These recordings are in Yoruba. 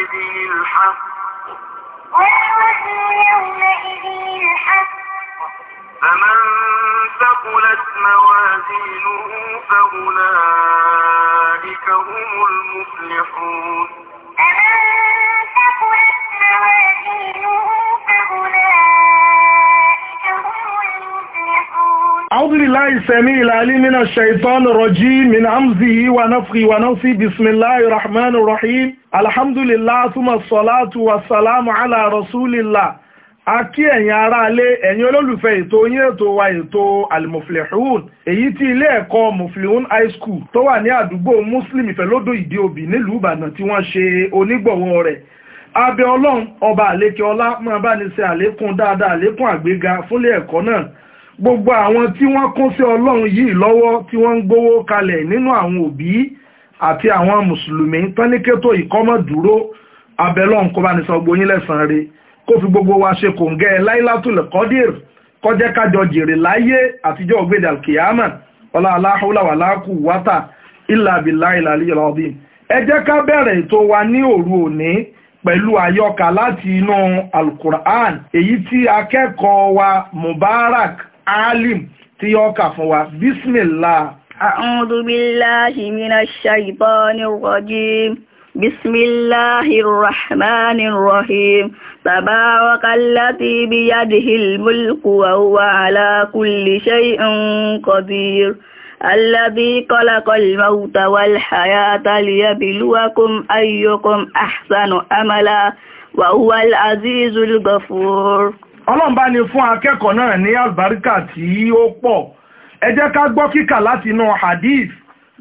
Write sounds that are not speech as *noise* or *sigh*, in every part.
يومئذ الحق يومئذ الحق فمن ثقلت موازينه فأولئك هم المفلحون أعوذ بالله السميع العليم من الشيطان الرجيم من همزه ونفخه ونفسه بسم الله الرحمن الرحيم الحمد لله ثم الصلاة والسلام على رسول الله a kí ẹ̀yin aráalé ẹ̀yin olólùfẹ́ ètò yín ètò wa ètò almuflihun èyí tí ilé ẹ̀kọ́ muflihun high school tó wà ní àdúgbò muslim ìfẹ́lódò ìdí òbí nílùú ìbàdàn tí wọ́n ṣe onígbọ̀wọ́ rẹ̀ abẹ́ ọlọ́run ọba àlékè ọlá máa bá ní ṣe àlékún dáadáa àlékún àgbéga fúnlé ẹ̀kọ́ náà gbogbo àwọn tí wọ́n kún sí ọlọ́run yìí lọ́wọ́ tí wọ́n ń gbowó kalẹ̀ nínú àwọn òbí àti àwọn mùsùlùmí tán ní kétò ìkọ́mọ̀ dúró abẹ́lọ́n kó bá ní sọ gbóyìn lẹ́sàn-án rẹ̀ kó fi gbogbo wa ṣe kò ń gẹ́ ẹ láìlátùl kọ́dìr kọjẹ́ kájọ jèrè láyé àtijọ́ ògbédè alkiyama ọlá aláhùlà wà láàkú wátà ilà abìlà ilà aliyọ̀lá ọdún ẹ jẹ́ ká bẹ̀rẹ̀ ètò wa ní òru òní pẹ̀lú àyọkà láti inú alukur'an èyí tí akẹ́kọ̀ọ́ wa Mubarak alim tí yóò kà fún wa bismillah. a'udhu billahi minash shaitanir rajim. بسم الله الرحمن الرحيم تبارك الذي بيده الملك وهو على كل شيء قدير الذي خلق الموت والحياة ليبلوكم أيكم أحسن أملا وهو العزيز الغفور ọlọ́run bá ní fún akẹ́kọ̀ọ́ náà ní àlùbáríkà tí ó pọ̀ ẹ ká gbọ́ kíkà látinú hadith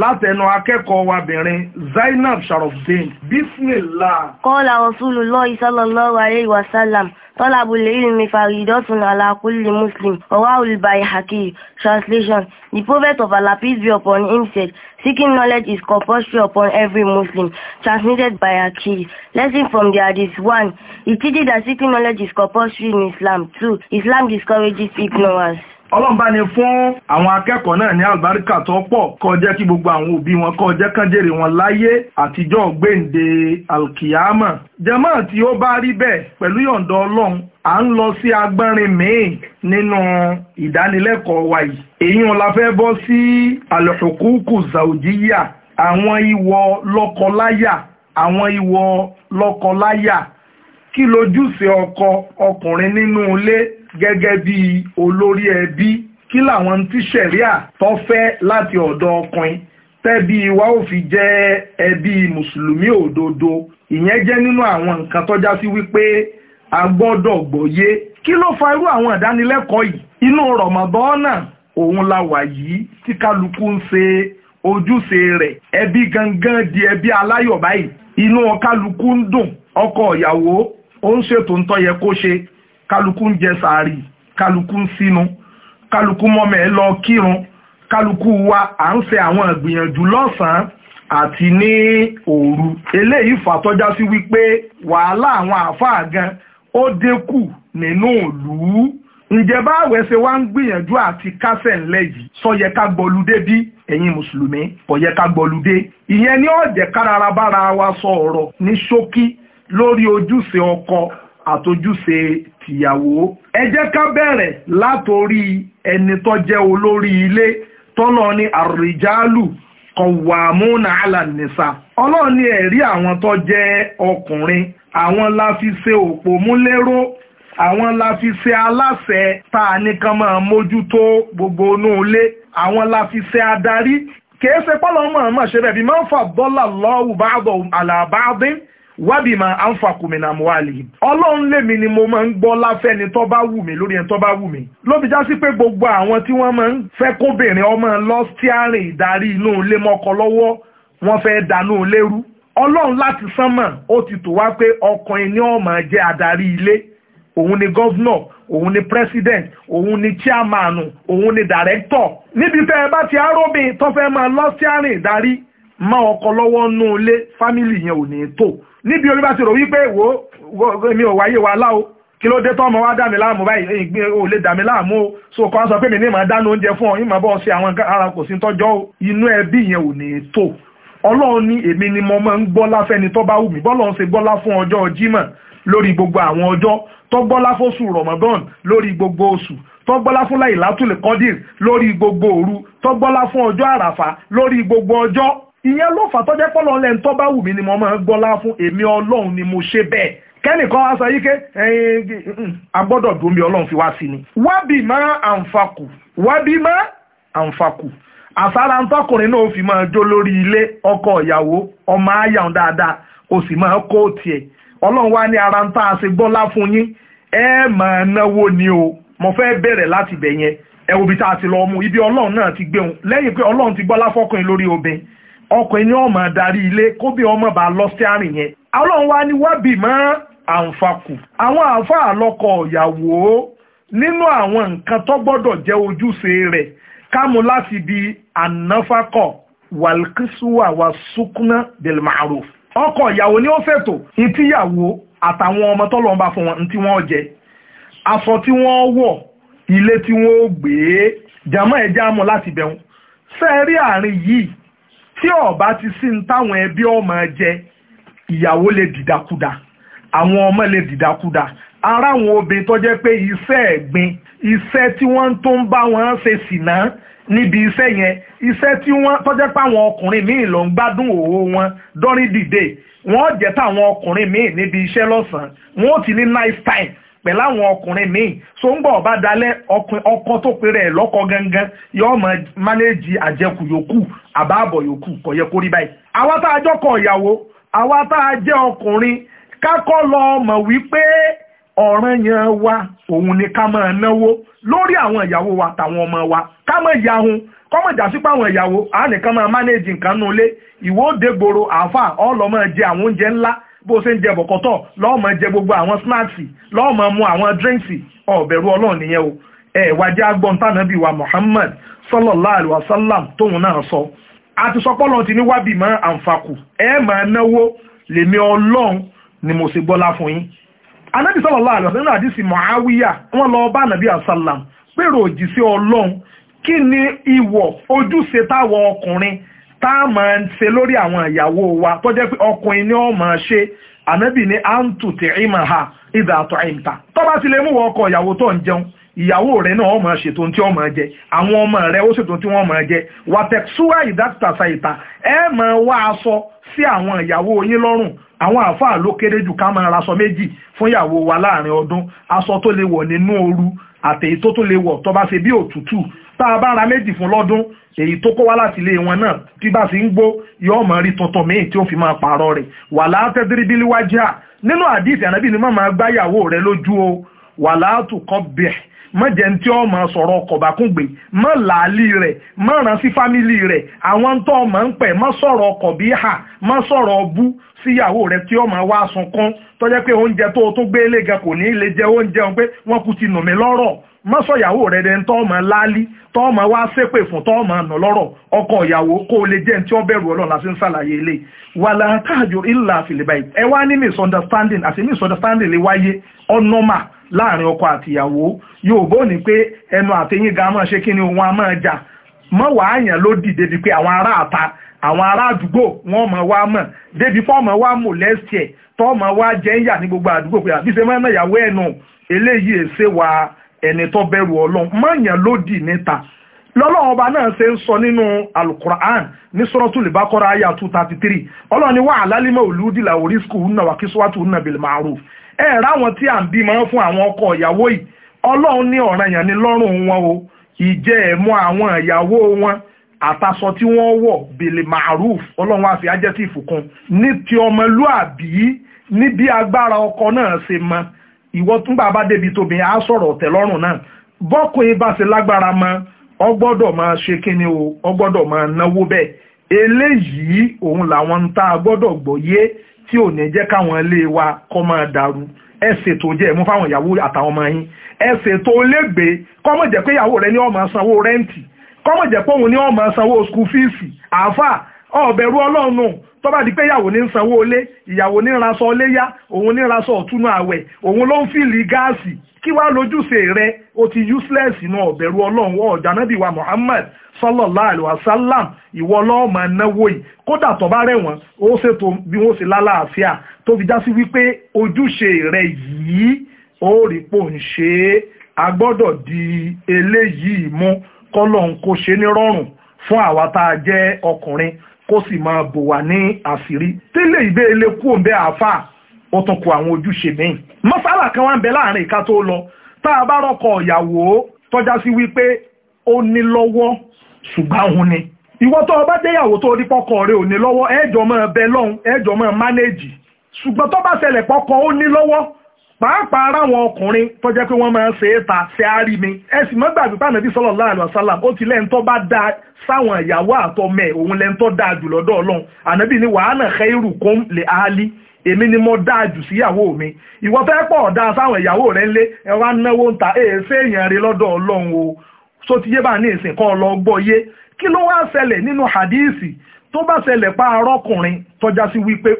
látẹnu akẹ́kọ̀ọ́ wa zainab sharofdin bismillah. kọ́lá rasulullah sallallahu alayhi wa sallam talabul ilmi faridatun ala kulli muslim rawahul bayhaqi translation the prophet of Allah peace be upon him said Seeking knowledge is compulsory upon every Muslim, transmitted by a key. Lesson from the Hadith 1. It teaches that seeking knowledge is compulsory in Islam. 2. Islam discourages ignorance ọlọ́mbà ni fún àwọn akẹ́kọ̀ọ́ náà ní àlùbáríkà tó pọ̀ kó jẹ́ kí gbogbo àwọn òbí wọn kó jẹ́ kán jèrè wọn láyé àtijọ́ gbéǹde alkiyama jẹ́mọ́ tí ó bá rí bẹ́ẹ̀ pẹ̀lú yọ̀ǹda ọlọ́run à ń lọ sí agbọ́nrin míì nínú ìdánilẹ́kọ̀ọ́ wa yìí èyí wọn la fẹ́ bọ́ sí alhukuku zaujiya àwọn ìwọ lọ́kọláya àwọn ìwọ lọ́kọláya kí lójúṣe ọkọ ọkùnrin nínú ilé gẹ́gẹ́ bí olórí ẹbí kí làwọn tí ṣẹ̀ríà tó fẹ́ láti ọ̀dọ̀ ọkùnrin tẹ́bí wa ó fi jẹ́ ẹbí mùsùlùmí òdodo ìyẹn jẹ́ nínú àwọn nǹkan tó já sí wípé a gbọ́dọ̀ gbọ́yé kí ló fa irú àwọn ìdánilẹ́kọ̀ọ́ yìí inú rọ̀mọ̀bọ́nà òun la wà yìí tí kálukú ń ṣe ojúṣe rẹ̀ ẹbí gangan di ẹbí aláyọ̀ báyìí inú kálukú ń dùn ọkọ ìyàwó ó ń ṣètò ń tó yẹ kó ṣe kálukú ń jẹ sàárì kálukú ń sínú kálukú mọ́mẹ́ lọ kírun kálukú wa à ń ṣe àwọn ìgbìyànjú lọ́sàn-án àti ní òru eléyìí fàtọ́já sí wípé wàhálà àwọn àáfàá gan ó dínkù nínú ìlú ǹjẹ́ báwẹ̀ ṣe wá ń gbìyànjú àti kásẹ̀ ńlẹ̀ yìí sọyẹ ká gbọ́ludé bí ẹ̀yin mùsùlùmí ọ̀yẹ ká gbọ́ludé ìyẹn ní ọ̀jẹ̀ kárara wa sọ ọ̀rọ̀ ní ṣókí lórí ojúṣe ọkọ àtojúṣe tìyàwó ẹ jẹ́ ká bẹ̀rẹ̀ látòrí ẹni tó jẹ́ olórí ilé tọ́lọ́ ní àrìjálù kọ̀wàmúnà alànìsà ọlọ́run ní ẹ̀rí àwọn tó jẹ́ ọkùnrin àwọn la fi ṣe òpó múléró àwọn la fi ṣe aláṣẹ tá a ní kán máa mójútó gbogbo inú ilé àwọn la fi ṣe adarí kìí ṣe pọ́lọ́ mọ̀ ọ́n mọ̀ ṣe bẹ́ẹ̀ bí máa ń fà wábì máa àǹfàkùnmínà àmúhàlì ọlọ́run lèmi ni mo máa ń gbọ́ láfẹ́ni tó bá wù mí lórí ẹni tó bá wù mí lóbi já sí pé gbogbo àwọn tí wọ́n máa ń fẹ́ kóbìnrin ọmọ lọ stíárìn ìdarí inú ilé mọ́kọ lọ́wọ́ wọ́n fẹ́ dànù lérú ọlọ́run láti sánmọ̀ ó ti tó wá pé ọkùnrin ni ó máa jẹ́ adarí ilé òun ni gọ́vnọ̀ òun ni president òun ni chairman òun ni director níbi tẹ́ ẹ bá ti aróbìn tó fẹ́ máa lọ stíárìn ìdarí máa ọkọ lọ́wọ́ nú ilé fámìlì yẹn ò ní tó níbi orí bá ti rò wípé wo mi ò wáyé wa láwo kí ló dé tọ́mọ wá dá mi láàmú báyìí ò lè dá láàmú o so kan sọ pé mi ní ìmọ̀ dáná oúnjẹ fún ọ ìmọ̀ bọ́ ṣe àwọn nǹkan ara kò sí tọ́jọ́ o inú ẹbí yẹn ò ní tó ọlọ́run ní èmi ni mo máa ń gbọ́lá fẹ́ni tó bá wù mí bọ́lọ́run ṣe gbọ́lá fún ọjọ́ jímọ̀ lórí gbogbo àwọn ọjọ́ tó gbọ́lá fóṣù rọ̀mọ́dán lórí gbogbo oṣù tó gbọ́lá fún láìlátùlẹ̀ kọ́dìr lórí gbogbo òru tó gbọ́lá fún ọjọ́ àràfà lórí gbogbo ọjọ́ ìyẹn ló fà tọ́jẹ́ pọ́lọ́ lẹ́nu tó bá wù mí ni mo máa gbọ́lá fún èmi ọlọ́run ni mo ṣe bẹ́ẹ̀ kẹ́nìkan aṣọ yìí ké agbọ́dọ̀ dùn mí ọlọ́run fi wá sí ni. wábì má àǹfàkù wábì má àǹfàkù àsára ń tọkùnrin náà fi máa jó lórí ilé ọkọ ìyàwó ọmọ àyàn dáadáa ó sì máa kó tiẹ̀ ọlọ́run wá ní ara ń a ṣe gbọ́lá fún yín ẹ máa náwó ni o mo fẹ́ bẹ̀rẹ̀ láti bẹ̀ yẹn ẹ ibi tá a ti lọ mú ibi ọlọ́run náà ti gbéhùn lẹ́yìn pé ọlọ́run ti gbọ́lá fọkùnrin lórí obìnrin ọkùnrin ni ọmọ darí ilé kóbi ọmọ bá lọ sí àárín yẹn ọlọ́run wá ní wábì mọ́ àǹfààkù àwọn àáfàá lọ́kọ ìyàwó nínú àwọn nǹkan tó gbọ́dọ̀ jẹ́ ojúṣe rẹ̀ kámú láti di ànáfàkọ̀ wàlkísùwà wà súkúná bẹ̀lmàrò ọkọ ìyàwó ni ó fẹ̀tò ìtìyàwó àtàwọn ọmọ tó lọ́nba fún wọn tí wọ́n jẹ aṣọ tí wọ́n wọ̀ ilé tí wọ́n gbé jàmọ́ ẹ̀já mọ́ láti bẹ̀rù sẹ́ẹ̀rí àárín yìí tí ọba ti sí ń táwọn ẹbí ọmọ jẹ ìyàwó lè dìdàkudà àwọn ọmọ lè dìdàkudà ara àwọn obìnrin tó jẹ́ pé iṣẹ́ ẹ̀gbin iṣẹ́ tí wọ́n tó ń bá wọn ṣe sìnà níbi iṣẹ́ yẹn iṣẹ́ tí wọ́n tó jẹ́ pé àwọn ọkùnrin míì ló ń gbádùn òwò wọn dọ́rí dìde wọ́n jẹ́ táwọn ọkùnrin míì níbi iṣẹ́ lọ́sàn-án wọ́n ti ní nice time pẹ̀láwọn ọkùnrin míì so ń gbọ́ ọba dalẹ̀ ọkọ tó péré ẹ̀ lọ́kọ gangan yóò mọ mánéjì àjẹkù yòókù àbáàbọ̀ yòókù kò yẹ kó rí báyìí. àwa tá a ìyàwó àwa tá a ọkùnrin kákọ́ lọ wa òun ni ká máa náwó lórí àwọn ìyàwó wa ọmọ wa ká máa yahun kọ́mọ̀ ìjà sí ìyàwó àánìkan máa mánéjì nǹkan nulẹ̀ bó ṣe ń jẹ bọ̀kọ̀tọ̀ lọ́ọ̀mọ jẹ gbogbo àwọn snacks lọ́ọ̀mọ mu àwọn drinks ọ̀bẹ̀rù ọlọ́run nìyẹn o ẹ wá jẹ́ agbọ́n tánàbí wa Muhammad sallallahu alaihi wasallam tóun náà sọ àti sọpọ́lọ́ ti ní wábì mọ́ àǹfààkù ẹ máa náwó lèmi ọlọ́run ni mo ṣe gbọ́lá fún yín anábì sallallahu alaihi wasallam àdìsí Muawiya wọn lọ bá ànàbí àṣàlám pèrò òjì sí ọlọ́run kí ni ìwọ̀ tá a máa ń ṣe lórí àwọn ìyàwó wa tó jẹ́ pé ọkùnrin ni ó máa ṣe ànábì ní àǹtù tí ìmà ha ìdà àtọ̀ àìmta tó bá ti lè mú wọ ọkọ ìyàwó tó ń jẹun ìyàwó rẹ̀ náà ó máa ṣètò tí ó máa jẹ àwọn ọmọ rẹ̀ ó ṣètò tí wọ́n máa jẹ wàtẹ̀súwà ìdátìtàṣà ìta ẹ máa wá aṣọ sí àwọn ìyàwó yín lọ́rùn àwọn àáfàá ló kéré jù ká máa raṣọ méjì fún ìyàwó wa láàrin ọdún aṣọ tó lè wọ̀ nínú ooru àtẹ̀yí tó tún lè wọ̀ tó bá ṣe bí òtútù tá a bá ra méjì fún lọ́dún èyí tó kó wá láti ilé wọn náà tí bá sì ń gbó yóò mọ̀ rí tuntun míì tí ó fi máa pààrọ̀ rẹ̀ wà látẹ́dírí bílí nínú àdìsí ànábì ni má máa gbáyàwó lójú o wà látùkọ́ bẹ̀ẹ́ má jẹ́ tí ọ máa sọ̀rọ̀ kọ̀bákùngbè má làálì rẹ̀ má ràn sí fámìlì rẹ̀ àwọn tó ọmọ ń pẹ̀ má sọ̀rọ̀ kọ̀bíhà má sọ̀rọ̀ bú síyàwó rẹ̀ tí ọ máa wá sunkún tó jẹ́ pé oúnjẹ tó o tún gbé lé gan kò ní lè jẹ oúnjẹ wọn pé wọ́n kú ti nù mí lọ́rọ̀ má sọ̀yàwó rẹ̀ dẹ̀ tó ọmọ láálí tó ọmọ wá ṣépè fún tó ọmọ nà lọ́rọ̀ ọkọ ìyàwó kó o lè jẹ́ tí ó bẹ̀rù ọlọ́run la ṣe ń ṣàlàyé ilé wàlá táàjò ìlà fìlìbà ẹ wá ní misunderstanding àti misunderstanding lè wáyé ọ̀nọ́mà láàrin ọkọ àtìyàwó Yorùbá ò ní pé ẹnu àtẹyìn gan máa ṣe kí ni òun a máa jà mọ́ wàá yàn ló dìde di pé àwọn ará àta àwọn ará àdúgbò wọn mọ̀ wá mọ̀ débi fọ́ọ̀mọ̀ wá mọ̀ lẹ́sẹ̀ tọ́ọ̀mọ̀ wá jẹ́ ń yà ní gbogbo àdúgbò pé àbí ṣe mọ́ ìyàwó ẹ̀nu eléyìí èsè wa ẹni tó bẹ̀rù Ọlọ́run mọ̀ yàn ló dì níta lọ́lọ́run ọba náà ṣe ń sọ nínú alukur'an ní suratul Baqara aya two thirty three ni wà á lálímọ̀ olùdílà oríṣkù ńnà wà kí sọ́wọ́tù ńnà bil ma'ruf ẹ ráwọn tí à ń bímọ fún àwọn ọkọ ìyàwó yìí ọlọ́run ní ọ̀ranyàn ní lọ́rùn wọn o ìjẹ́ ẹ̀mọ́ àwọn ìyàwó wọn àtàṣọ tí wọ́n wọ̀ bil ma'ruf ọlọ́run wá fi ajẹ́tì ìfùkún ní ti ọmọlúàbí ní bọ́kùnrin bá ṣe lágbára mọ́ ọ gbọ́dọ̀ máa ṣe kíni o ọ gbọ́dọ̀ máa náwó bẹ́ẹ̀ eléyìí òun làwọn ń tá a gbọ́dọ̀ gbọ́yé tí ò ní jẹ́ káwọn ilé wa kọ́ máa dàrú ẹ ṣètò jẹ́ ẹ̀mú fáwọn ìyàwó àtàwọn ọmọ yín ẹ ṣètò lẹ́gbẹ́ kọ́mọ̀ jẹ́ pé ìyàwó rẹ ní ó máa sanwó rẹ́ǹtì kọ́mọ̀ jẹ́ pé òun ní ó sanwó skul fíìsì àáfà ọ̀bẹ̀rù ọlọ́run tó bá di pé ìyàwó ní sanwó ilé ìyàwó ní raṣọ léyà òun ní raṣọ ọ̀túnú àwẹ̀ òun ló ń fìlì gáàsì kí wàá lójúṣe rẹ o ti useless inú ọ̀bẹ̀rù ọlọ́run ọ̀dà nábì wa Muhammad sallallahu alaihi wasallam ìwọ ọlọ́ọ̀mọ náwó yìí kódà tó bá rẹ̀wọ̀n ó ṣètò bí wọ́n ṣe lálàáfíà tó fi já sí wípé ojúṣe rẹ yìí ó rí pò ń ṣe é a gbọ́dọ̀ di eléyìí mú kọ́lọ́n kó ṣe ní rọrùn fún àwa tá a jẹ́ ọkùnrin kó sì máa bò wá ní àṣírí tẹ́lẹ̀ ìbé ilé kú òǹbẹ́ àáfàá ó tún àwọn ojúṣe míì mọ́sálà kan wá ń bẹ láàrin ìka tó lọ tá a bá rọkọ ìyàwó tọ́já sí wípé ó ní lọ́wọ́ ṣùgbọ́n òun ni ìwọ tó o bá déyàwó tó rí pọkọ rẹ ò ní lọ́wọ́ ẹ̀jọ̀ máa bẹ lọ́hùn ẹ̀jọ̀ máa mánéèjì ṣùgbọ́n tó bá ṣẹlẹ̀ pọkọ ó ní lọ́wọ́ pàápàá ara àwọn ọkùnrin tó jẹ́ pé wọ́n máa ń ṣe é ta ṣe á rí mi ẹ sì mọ́ gbàgbé pé ànábì sallallahu alaihi wasallam ó ti lẹ́yìn bá dáa sáwọn ìyàwó àtọmẹ òun lẹ́yìn dáa jù lọ́dọ̀ ọlọ́run ànábì ní wa ana khairukum li ahli èmi ni mo dáa jù síyàwó mi ìwọ fẹ́ pọ̀ dáa sáwọn ìyàwó rẹ ńlé ẹ wá náwó ń ta èèfé èèyàn rí lọ́dọ̀ ọlọ́run o so ti yé bá ní ìsìn kan lọ gbọ́ yé kí ló wá ṣẹlẹ̀ nínú hadíìsì tó bá ṣẹlẹ̀ pa arọ́kùnrin tọ́já sí wípé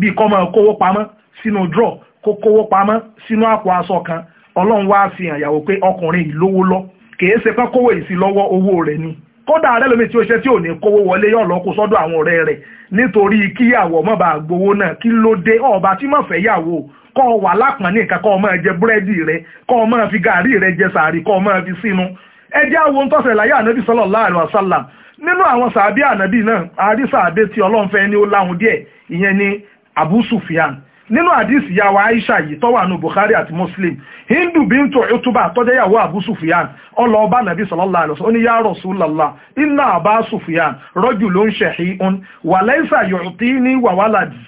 bí kọ́ máa kówó pamọ́ sínú draw kó kówó pamọ́ sínú àpò aṣọ kan ọlọ́run wá fi hàn yàwó pé ọkùnrin yìí lówó lọ kìí ṣe pé kówó yìí sí lọ́wọ́ owó rẹ̀ ni kódà ààrẹ lómi tí ó ṣe tí ò ní kówó wọlé yóò lọ kó sọ́dọ̀ àwọn ọ̀rẹ́ rẹ̀ nítorí kíyàwó má bàa gbowó náà kí ló dé ọba tí má fẹ́ yàwó kọ́ ọ wà lápọ̀n ní nǹkan kọ́ ọ búrẹ́dì rẹ kọ́ ọ fi gàárì rẹ jẹ sàárì kọ́ ọ fi sínú ẹ àwọn ohun tọ́sẹ̀ láyé ànábì sallallahu alaihi wasallam nínú àwọn sàábí ànábì náà àrí tí ọlọ́run fẹ́ ni ó láhùn díẹ̀ ìyẹn ni abu sufyan nínú àdísì ya aisha yìí tó wà ní bukhari àti muslim hindu bintu utuba tó jẹ́ yàwó abu sufyan ọlọ ọba nàbí sallallahu alaihi wasallam ó ní ya rasulallah inna aba sufyan rajulun shahihun wa laysa yu'tini wa waladi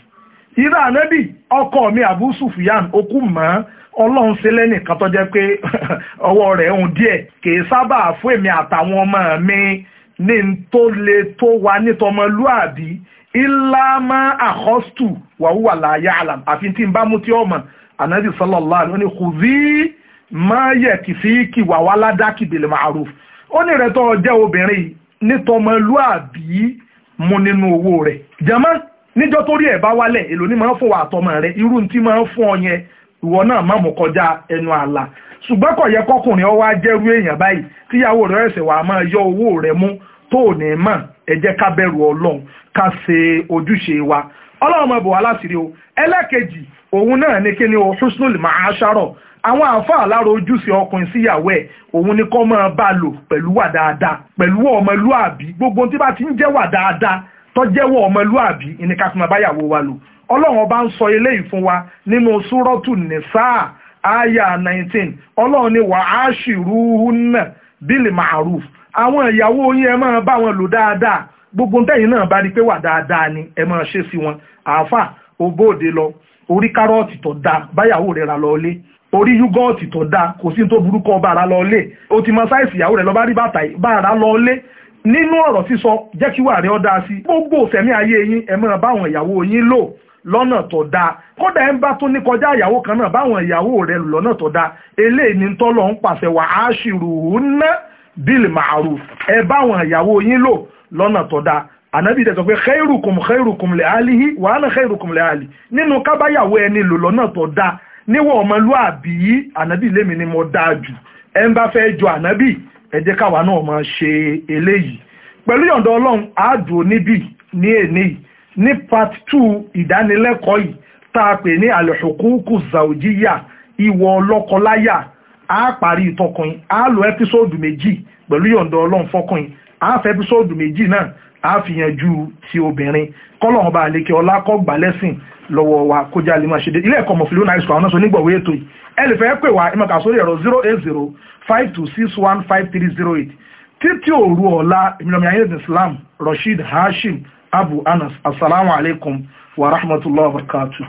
ìrà ànábì ọkọ mi abu sufyan okú mọ́ ọlọ́run ṣe lẹ́nìkan tó pé *laughs* ọwọ́ rẹ̀ ń díẹ̀ kì í sábà fún èmi àtàwọn ọmọ mi ní tó le tó wa nítọmọlúàbí ìlàmà àkọ́stù wàhúwà láàyà àlàm àfi tí n bá mú tí ọmọ ànábì sallallahu alaihi wasallam kò sí máa yẹ kì wà wá ó ní obìnrin mu nínú owó rẹ̀ jama níjọ́ tó rí ẹ̀ bá wálẹ̀ èlò ní máa ń fún àtọmọ rẹ̀ irú tí máa ń fún ọ yẹn ìwọ náà má mú kọjá ẹnu àlà ṣùgbọ́n tó ò ní mọ̀ ẹ jẹ́ ká bẹ̀rù ọlọ́run ká ṣe ojúṣe wa ọlọ́run máa bọ̀ wá láṣìírí o ẹlẹ́kejì òun náà ní kí ni o husnul ma'asharo àwọn àáfàá lára ojúṣe ọkùnrin síyàwó ẹ̀ òun ni kọ́ máa bá lò pẹ̀lú wà dáadáa pẹ̀lú ọmọlúàbí gbogbo tí bá ti ń jẹ́ wà dáadáa tó jẹ́wọ́ ọmọlúàbí ní ká fi máa báyàwó wa lò ọlọ́run ọba ń sọ eléyìí fún wa nínú súrọ́tù nìsáà àyà 19 ọlọ́run ni wà á ṣì rúhùn náà bílì màrúfù àwọn ìyàwó yín ẹ máa bá wọn lò dáadáa gbogbo tẹ́yìn náà bá rí pé wà dáadáa ni ẹ máa ṣe sí wọn àáfà òbóòde lọ orí kárọ̀tì tó dáa báyàwó rẹ̀ ra lọ́ọ́lé orí yúgọ́ọ̀tì tó dáa kò sí tó burúkú ọba ra lọ́ọ́lé o ti mọ sáìsì ìyàwó rẹ̀ lọ́ba rí bàtà bá ra lọ́ọ́lé nínú ọ̀rọ̀ sísọ jẹ́ kí wàá rẹ̀ ọ́ dáa sí gbogbo sẹ̀mí ayé yín ẹ máa báwọn ìyàwó yín lò lọ́nà tó dáa kódà ẹ ń bá tún ní kọjá ìyàwó kan náà báwọn ìyàwó rẹ̀ lọ́nà tó dáa eléyìí ni tọ́lọ́ ń pàṣẹ wàá ṣìrù hùn náà bíl màrú ẹ bá àwọn ìyàwó yín lò lọ́nà tó dáa ànábì dẹ̀ sọ pé khairukum khairukum li alihi wa ana khairukum li ali nínú kábàyàwó ẹni lò lọ́nà tó dáa níwọ̀n ọmọlúàbí yìí ànábì lémi ni mo dáa jù ẹ ń bá fẹ́ jọ ànábì ẹ jẹ́ káwa náà máa ṣe eléyìí pẹ̀lú yọ̀ǹda ọlọ́run àádùn oníbì ní èní ní part two ìdánilẹ́kọ̀ọ́ yìí tá a pè ní al a parí ìtọkùnrin a lo ẹ́písòdù méjì pẹ̀lú yọ̀ǹda ọlọ́run fọkùnrin a fẹ́ ẹ́písòdù méjì náà a fi yanjú ti obìnrin kọ́lọ́run bá àlekè ọlá kọ́ gbà lẹ́sìn lọ́wọ́ wa kó jáde máa ṣe dé ilé ẹ̀kọ́ mọ̀fìlú náà ìṣòwò àwọn náà sọ nígbọ̀wé ètò yìí ẹ lè fẹ́ pè wá ẹ máa ẹ̀rọ zero eight zero five two six one five three zero eight títí òru ọ̀la ìmìlọ́mìlá ayé islam rasheed hashim abu anas asalaamu alaykum wa rahmatulah wa barakatuh.